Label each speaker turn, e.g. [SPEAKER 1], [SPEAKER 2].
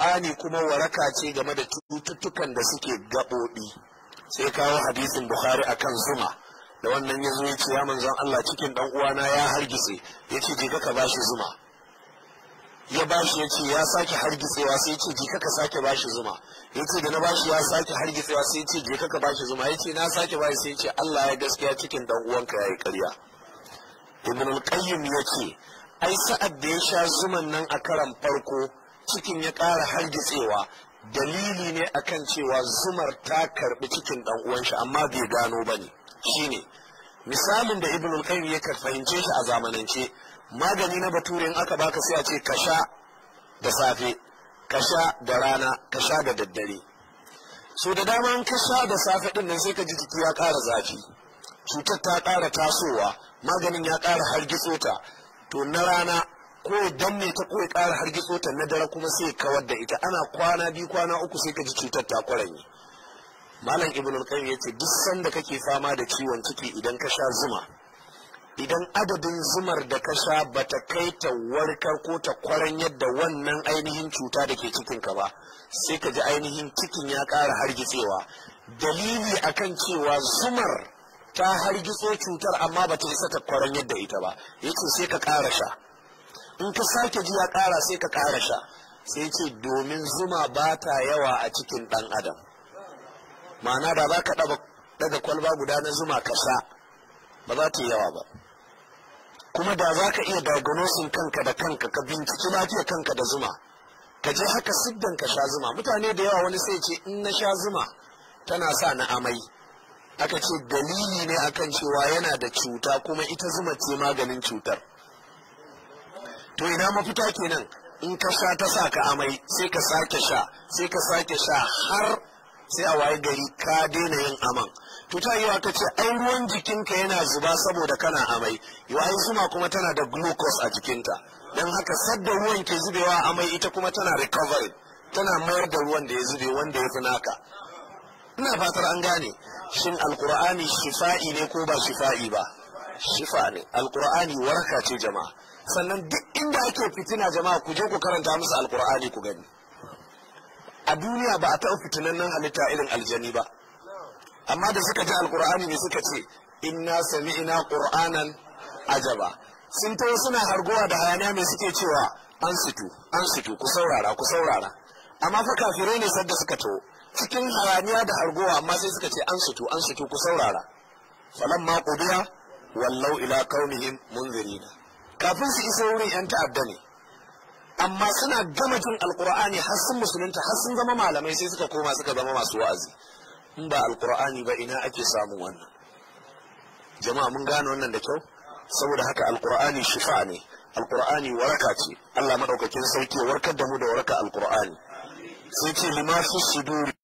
[SPEAKER 1] qur'ani kuma waraka ce game da cututtukan da suke gaɓoɓi sai kawo hadisin bukhari akan zuma da wannan ya zo ya ce ya manzon Allah cikin dan uwana ya hargitse ya ce je ka bashi zuma ya bashi ya ce ya sake hargitsewa sai ce je ka sake bashi zuma ya ce da na bashi ya sake hargitsewa sai ce je ka bashi zuma ya ce na sake bashi sai ce Allah ya gaskiya cikin dan uwanka yayi ƙarya ibn al-qayyim ya ce ai sa'ad da ya sha zuman nan a karan farko cikin ya ƙara hargitsewa dalili ne akan cewa zumar ta karɓi cikin dan uwan amma bai gano ba shi shine misalin da ibn al ya fahimce shi a zamanance magani na baturin aka baka sai a ce kasha da safe ka da rana kasha da daddare so da dama in ka da safe din nan sai ka ji jiki ya ƙara zafi cutar ta ƙara tasowa maganin ya ƙara hargitso ta to na rana ko ya danne ta ko ya ƙara hargitso ta na dare kuma sai kawar da ita ana kwana biyu kwana uku sai ka ji cutar ta kwaranye malam ibn al-qayyim yace duk sanda kake fama da ciwon ciki idan ka sha zuma idan adadin zumar da ka sha bata kai ta warkar ko ta kwaran yadda wannan ainihin cuta da ke cikin ka ba sai ka ji ainihin cikin ya ƙara hargitsewa dalili akan cewa zumar ta hargitso cutar amma bata isa ta kwaran yadda ita ba yace sai ka kara sha in ka sake ji ya kara sai ka kara sha sai ce domin zuma ba ta yawa a cikin ɗan adam ma'ana da za ka daga kwalba guda na zuma ka sha ba za ta yawa ba kuma da za ka iya diagnosin kanka da kanka ka binciki lafiyar kanka da zuma ka je haka siddan ka sha zuma mutane da yawa wani sai ce in na sha zuma tana sa na amai aka ce dalili ne akan cewa yana da cuta kuma ita zuma ce maganin cutar to ina mafita kenan in ka sha ta sa ka amai sai ka sake sha sai ka sake sha har sai a waye gari ka daina yin aman to ta yiwa ka ce ai ruwan jikinka yana zuba saboda kana amai yiwa ai zuma kuma tana da glucose a jikinta dan haka sadda ruwan ke zubewa amai ita kuma tana recovery tana mayar da ruwan da ya zube wanda ya fi naka ina fatar an gane shin alqur'ani shifa'i ne ko ba shifa'i ba shifa ne alkur'ani waraka ce jama'a sannan duk inda ake fitina jama'a ku je ku karanta musu alkur'ani ku gani a duniya ba a taɓa fitinan nan halitta irin aljani ba amma da suka ji alkur'ani ne suka ce inna sami'ina qur'anan ajaba sun tawo suna hargowa da hayaniya mai suke cewa an situ an situ ku saurara ku saurara amma fa kafirai ne sadda suka taho cikin hayaniya da hargowa amma sai suka ce an situ an situ ku saurara falamma qudiya wallau ila qaumihim munzirina kafin su isa wurin yan ta'adda ne amma suna gama jin alkur'ani har sun musulunta har sun zama malamai sai suka koma suka zama masu wa'azi in ba alkur'ani ba ina ake samun wannan jama'a mun gane wannan da kyau saboda haka alkur'ani shifa ne alkur'ani waraka ce Allah madaukakin sauke warkar da mu da waraka alkur'ani sai ce limafi fi suduri